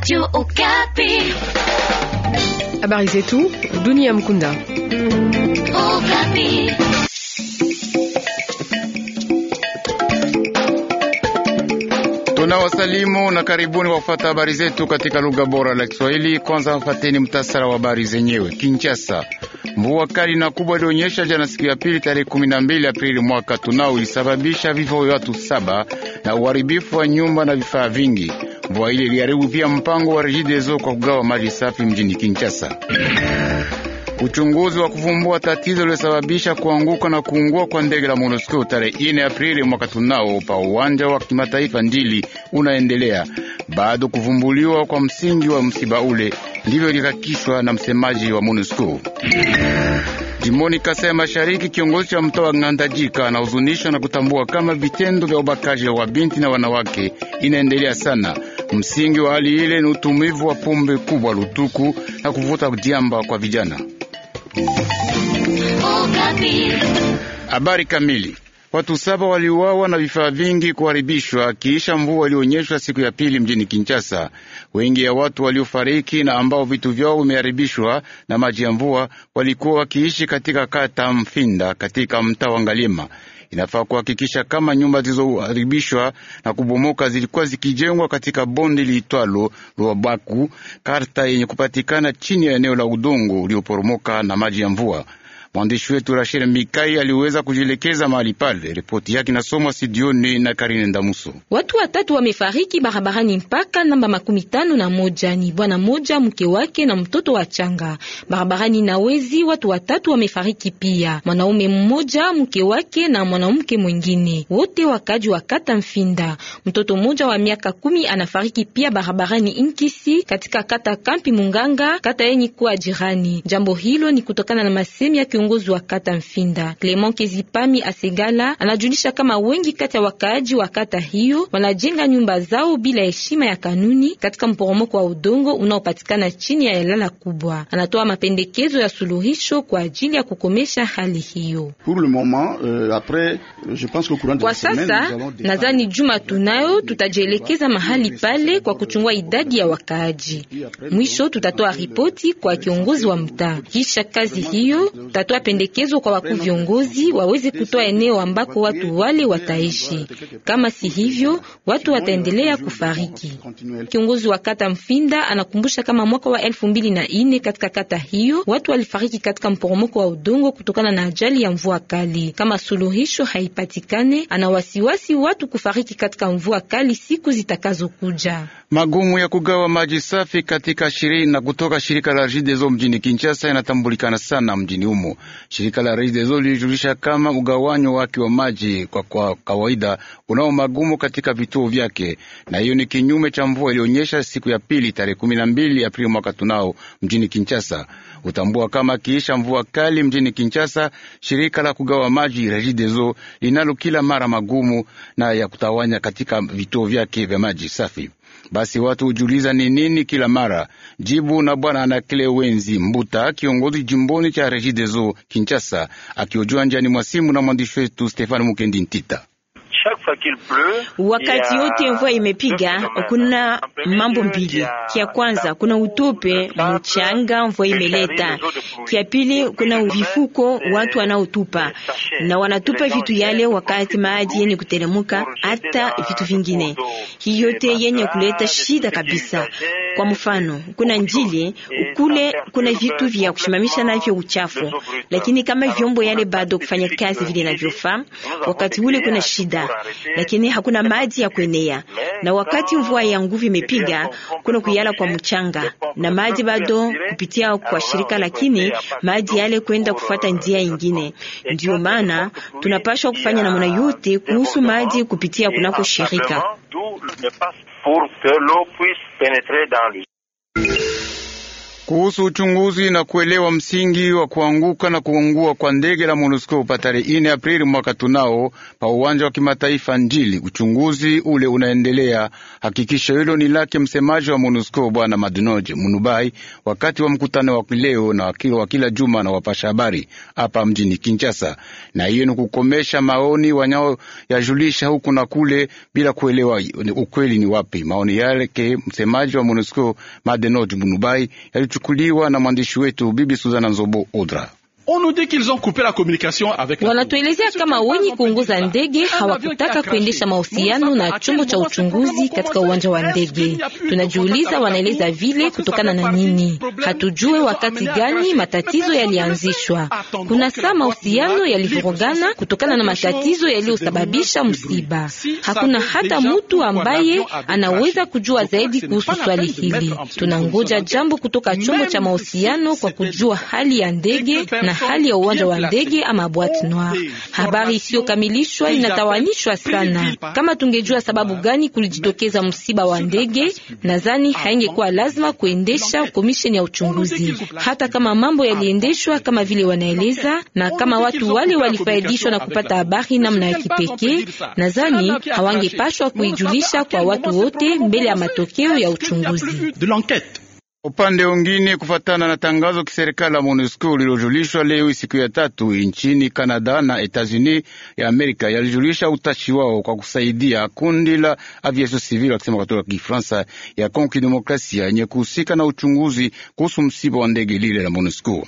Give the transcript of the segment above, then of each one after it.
Radio Okapi. Habari zetu dunia mkunda. Okapi. wasalimu na karibuni wa kufata habari zetu katika lugha bora la Kiswahili. Kwanza wafateni mtasara wa habari zenyewe. Kinshasa. Mvua kali na kubwa ilionyesha jana siku ya pili tarehe 12 Aprili mwaka tunao ilisababisha vifo vya watu saba na uharibifu wa nyumba na vifaa vingi. Mvua ile iliharibu pia mpango wa Regideso kwa kugawa maji safi mjini Kinshasa. Uchunguzi wa kuvumbua tatizo lilosababisha kuanguka na kuungua kwa ndege la MONUSCO tarehe ine Aprili mwaka tunao pa uwanja wa kimataifa Ndili unaendelea bado kuvumbuliwa kwa msingi wa msiba ule, ndivyo ilihakikishwa na msemaji wa MONUSCO jimoni ya Mashariki. Kiongozi cha mtaa wa Ngandajika anahuzunishwa na kutambua kama vitendo vya ubakaji wa binti na wanawake inaendelea sana Msingi wa hali ile ni utumivu wa pombe kubwa lutuku na kuvuta diamba kwa vijana. Habari kamili. Watu saba waliuawa na vifaa vingi kuharibishwa kiisha mvua ilionyeshwa siku ya pili mjini Kinshasa. Wengi ya watu waliofariki na ambao vitu vyao vimeharibishwa na maji ya mvua walikuwa wakiishi katika kata Mfinda katika mtaa wa Ngalima inafaa kuhakikisha kama nyumba zilizoharibishwa na kubomoka zilikuwa zikijengwa katika bonde liitwalo Lwabaku, karta yenye kupatikana chini ya eneo la udongo ulioporomoka na maji ya mvua. Mwandishi wetu Rashid Mikai aliweza kujielekeza mahali pale. Ripoti yake inasomwa studioni na Karine Ndamuso. Watu watatu wamefariki barabarani mpaka namba makumi tano na moja ni bwana moja, mke wake na mtoto wa changa. Barabarani na wezi watu watatu wamefariki pia, mwanaume mmoja, mke wake na mwanamke mwingine, wote wakaji wa kata Mfinda. Mtoto mmoja wa miaka kumi anafariki pia barabarani Inkisi katika kata Kampi Munganga, kata yenye kuwa jirani. Jambo hilo ni kutokana na masemi yake kiongozi wa kata Mfinda Clement Kezipami Asegala anajulisha kama wengi kati ya wakaaji wa kata hiyo wanajenga nyumba zao bila heshima ya kanuni katika mporomoko wa udongo unaopatikana chini ya yalala kubwa. Anatoa mapendekezo ya suluhisho kwa ajili ya kukomesha hali hiyo. Euh, kwa sasa nadhani juma tunayo, tutajielekeza mahali pale kwa kuchungua idadi ya wakaaji. Mwisho tutatoa ripoti kwa kiongozi wa mtaa. Kisha kazi hiyo kutoa pendekezo kwa wakuu viongozi waweze kutoa eneo ambako watu wale wataishi, kama si hivyo watu wataendelea kufariki. Kiongozi wa kata Mfinda anakumbusha kama mwaka wa elfu mbili na ine katika kata hiyo watu walifariki katika mporomoko wa udongo kutokana na ajali ya mvua kali. Kama suluhisho haipatikane, ana wasiwasi watu kufariki katika mvua kali siku zitakazokuja. Magumu ya kugawa maji safi katika shiri na kutoka shirika la Regideso mjini Kinshasa yanatambulikana sana mjini humo. Shirika la REGIDESO lilijulisha kama ugawanyo wake wa maji kwa, kwa kawaida unao magumu katika vituo vyake, na hiyo ni kinyume cha mvua ilionyesha siku ya pili tarehe kumi na mbili Aprili mwaka tunao mjini Kinshasa. Utambua kama kiisha mvua kali mjini Kinshasa, shirika la kugawa maji REGIDESO linalo kila mara magumu na ya kutawanya katika vituo vyake vya maji safi. Basi watu hujiuliza ni nini kila mara. Jibu na Bwana anakle Wenzi Mbuta, kiongozi jimboni cha Regideso Kinshasa, akiojua njani mwa simu na mwandishi wetu Stefani Mukendi Ntita. Wakati yote mvua imepiga, kuna mambo mbili. Kia kwanza kuna utope mchanga mvua imeleta, kia pili kuna vifuko watu wanaotupa na wanatupa vitu yale wakati maji yenye kuteremka, hata vitu vingine. Hii yote eh, yenye ah, kuleta shida kabisa. Kwa mfano, kuna njili kule, kuna vitu vya kushimamisha navyo uchafu, lakini kama vyombo yale bado kufanya kazi vile inavyofaa, wakati ule kuna shida, lakini hakuna maji ya kuenea. Na wakati mvua ya nguvu imepiga, kuna kuyala kwa mchanga na maji bado kupitia kwa shirika, lakini maji yale kwenda kufata njia nyingine. Ndio maana tunapashwa kufanya namna yote kuhusu maji kupitia kunako shirika. d'où le passe pour que l'eau puisse pénétrer dans lui. kuhusu uchunguzi na kuelewa msingi wa kuanguka na kuungua kwa ndege la MONUSCO pa tarehe ine Aprili mwaka tunao pa uwanja wa kimataifa Njili. Uchunguzi ule unaendelea. Hakikisho hilo ni lake msemaji wa MONUSCO Bwana Madnoje Munubai wakati wa mkutano wa leo na wa kila juma na wapasha habari hapa mjini Kinshasa. Na hiyo ni kukomesha maoni wanyao yajulisha huku na kule bila kuelewa ukweli ni wapi. Maoni yake msemaji wa MONUSCO Madnoje Munubai yali yaliyochukuliwa na mwandishi wetu Bibi Suzana Nzobo Odra. Wanatuelezea kama wenye kuongoza ndege hawakutaka kuendesha mahusiano na chombo cha uchunguzi katika uwanja wa ndege. Tunajiuliza wanaeleza vile kutokana na nini? Hatujue wakati gani matatizo yalianzishwa. Kuna saa mahusiano yalivurugana kutokana na matatizo yaliyosababisha msiba. Hakuna hata mtu ambaye anaweza kujua zaidi kuhusu swali hili. Tunangoja jambo kutoka chombo cha mahusiano kwa kujua hali ya ndege na hali ya uwanja wa ndege ama boîte noire. Habari isiyokamilishwa inatawanishwa sana. Kama tungejua sababu gani kulijitokeza msiba wa ndege, nadhani haingekuwa lazima kuendesha komisheni ya uchunguzi, hata kama mambo ah, yaliendeshwa kama vile wanaeleza na kama watu wale walifaidishwa na kupata habari namna ya kipekee, nadhani hawangepashwa kuijulisha kwa watu wote mbele ya matokeo ya uchunguzi. Upande ungine kufatana na tangazo kiserikali la MONUSCO lilojulishwa leo siku ya tatu nchini Kanada na Etats-Unis ya Amerika, yalijulisha utashi wao kwa kusaidia kundi la aviation civil akisema katula Kifransa ya Konki Demokrasia yenye kuhusika na uchunguzi kuhusu msiba wa ndege lile la MONUSCO.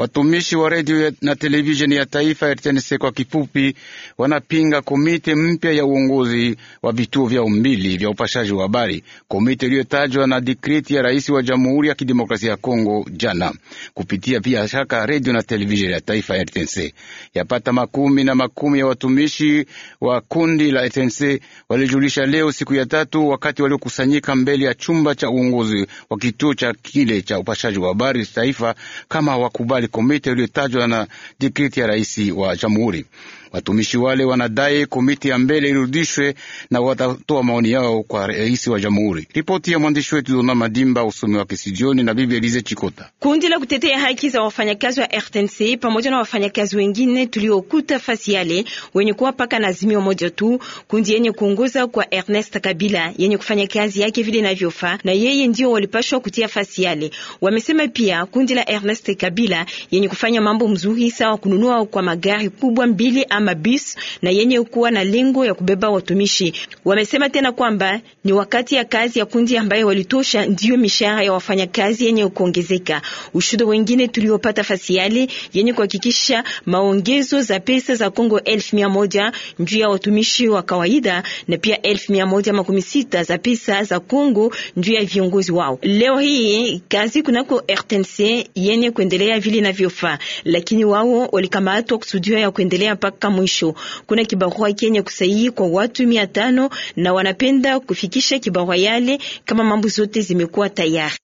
Watumishi wa redio na televisheni ya taifa RTNC kwa kifupi, wanapinga komite mpya ya uongozi wa vituo vya umbili vya upashaji wa habari, komite iliyotajwa na dikriti ya rais wa Jamhuri ya Kidemokrasia ya Kongo jana, kupitia pia shaka redio na televisheni ya taifa RTNC. Yapata makumi na makumi ya watumishi wa kundi la RTNC walijulisha leo siku ya tatu, wakati waliokusanyika mbele ya chumba cha uongozi wa kituo cha kile cha upashaji wa habari taifa, kama wakubali komite uliotajwa na dikriti ya rais wa jamhuri. Watumishi wale wanadai komiti ya mbele irudishwe na watatoa maoni yao kwa rais wa jamhuri. Ripoti ya mwandishi wetu Dona Madimba, usomi wa Kisidioni na Bibi Elize Chikota. Kundi la kutetea haki za wafanyakazi wa RTNC pamoja na wafanyakazi wengine tuliokuta fasi yale wenye kuwa paka na azimio moja tu, kundi yenye kuongoza kwa Ernest Kabila yenye kufanya kazi yake vile inavyofaa, na yeye ndio walipashwa kutia fasi yale. Wamesema pia kundi la Ernest Kabila yenye kufanya mambo mzuri sawa kununua kwa magari kubwa mbili ama bis na yenye kuwa na lengo ya kubeba watumishi. Wamesema tena kwamba ni wakati ya kazi ya kundi ambayo walitosha ndiyo mishahara ya wafanyakazi yenye kuongezeka. Ushuhuda wengine tuliopata fasiali yenye kuhakikisha maongezo za pesa za Kongo elfu mia moja njuu ya watumishi wa kawaida na pia elfu mia moja makumi sita za pesa za Kongo njuu ya viongozi wao. Leo hii kazi kunako RTNC yenye kuendelea vile inavyofaa, lakini wao walikamatwa kusudia ya kuendelea mpaka mwisho. Kuna kibarua kenye kusahihi kwa watu mia tano na wanapenda kufikisha kibarua yale kama mambo zote zimekuwa tayari.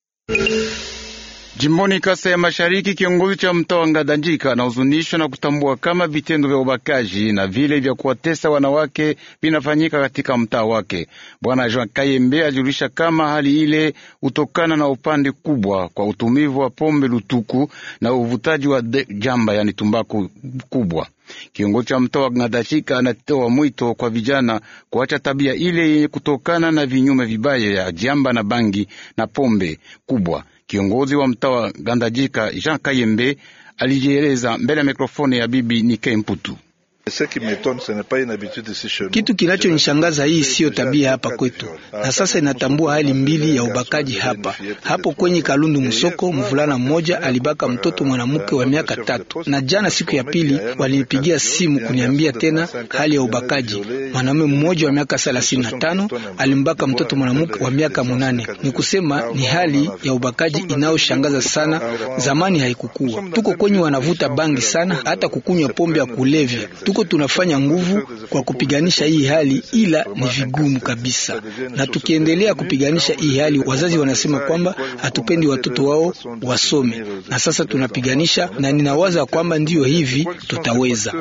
Jimboni Kasa ya Mashariki, kiongozi cha mtaa wa Ngadanjika anahuzunishwa na kutambua kama vitendo vya ubakaji na vile vya kuwatesa wanawake vinafanyika katika mtaa wake. Bwana Jean Kayembe ajulisha kama hali ile hutokana na upande kubwa kwa utumivu wa pombe lutuku na uvutaji wa jamba, yani tumbaku kubwa. Kiongozi cha mtoa wa anatoa mwito kwa vijana kuacha tabia ile yenye kutokana na vinyume vibaya ya jamba na bangi na pombe kubwa. Kiongozi wa mtaa wa gandajika Jean Kayembe alijieleza mbele ya mikrofoni ya bibi Nike Mputu. Kitu kinachonishangaza hii siyo tabia hapa kwetu, na sasa inatambua hali mbili ya ubakaji hapa hapo kwenye Kalundu Musoko. Mvulana mmoja alibaka mtoto mwanamke wa miaka tatu, na jana siku ya pili walinipigia simu kuniambia tena hali ya ubakaji. mwanaume mmoja wa miaka thelathini na tano alimbaka mtoto mwanamke wa miaka munane. Ni kusema ni hali ya ubakaji inayoshangaza sana, zamani haikukua Tuko kwenye wanavuta bangi sana, hata kukunywa pombe ya kulevya tuko tunafanya nguvu kwa kupiganisha hii hali, ila ni vigumu kabisa. Na tukiendelea kupiganisha hii hali, wazazi wanasema kwamba hatupendi watoto wao wasome, na sasa tunapiganisha, na ninawaza kwamba ndiyo hivi tutaweza.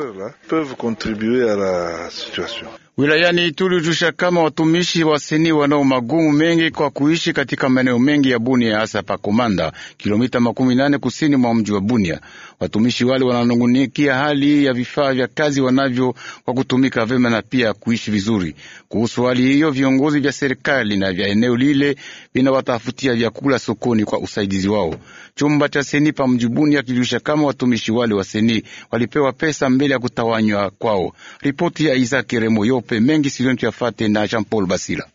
Wilayani Ituri hujusha kama watumishi wa seni wanao magumu mengi kwa kuishi katika maeneo mengi ya Bunia, hasa pa Komanda, kilomita makumi nane kusini mwa mji wa Bunia. Watumishi wale wananungunikia hali ya vifaa vya kazi wanavyo kwa kutumika vema na pia kuishi vizuri. Kuhusu hali hiyo, viongozi vya serikali na vya eneo lile vinawatafutia vyakula sokoni kwa usaidizi wao. Chumba cha seni pa mji Bunia kijusha kama watumishi wale wa seni walipewa pesa mbele ya kutawanywa kwao. Ripoti ya Isaac Remoyo tuyachape mengi sivyo, tuyafate na Jean Paul Basila.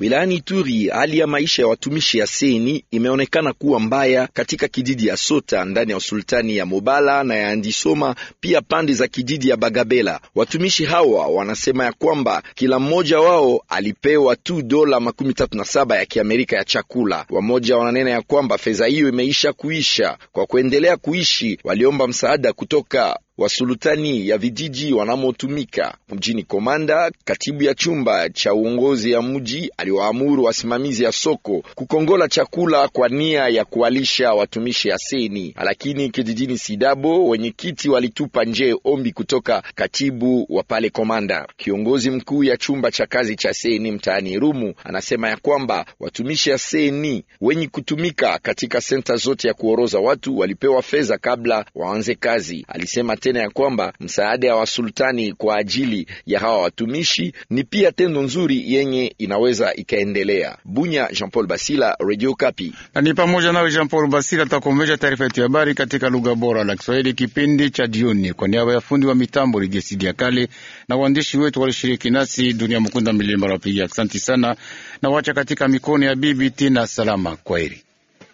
Wilayani Ituri hali ya maisha ya watumishi ya seni imeonekana kuwa mbaya katika kijiji ya Sota ndani ya usultani ya Mobala na ya Andisoma, pia pande za kijiji ya Bagabela. Watumishi hawa wanasema ya kwamba kila mmoja wao alipewa tu dola makumi tatu na saba ya Kiamerika ya chakula. Wamoja wananena ya kwamba fedha hiyo imeisha kuisha. Kwa kuendelea kuishi, waliomba msaada kutoka sultani ya vijiji wanamotumika mjini Komanda. Katibu ya chumba cha uongozi ya mji aliwaamuru wasimamizi ya soko kukongola chakula kwa nia ya kuwalisha watumishi ya seni, lakini kijijini Sidabo wenyekiti walitupa nje ombi kutoka katibu wa pale Komanda. Kiongozi mkuu ya chumba cha kazi cha seni mtaani Rumu anasema ya kwamba watumishi ya seni wenye kutumika katika senta zote ya kuoroza watu walipewa fedha kabla waanze kazi. Alisema te tena ya kwamba msaada wa sultani kwa ajili ya hawa watumishi ni pia tendo nzuri yenye inaweza ikaendelea. Bunya, Jean Paul Basila, Radio Kapi. Ni pamoja nawe Jean Paul Basila takomesha taarifa yetu ya habari katika lugha bora la Kiswahili kipindi cha jioni, kwa niaba ya fundi wa mitambo Lidiesidi ya Kale na waandishi wetu walishiriki nasi, Dunia Mkunda Milimba wapiga. asanti sana na wacha katika mikono ya bibi tina salama. kwa Kwaheri.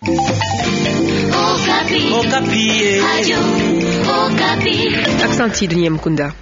Oh, oh, eh. Asante dunia mkunda.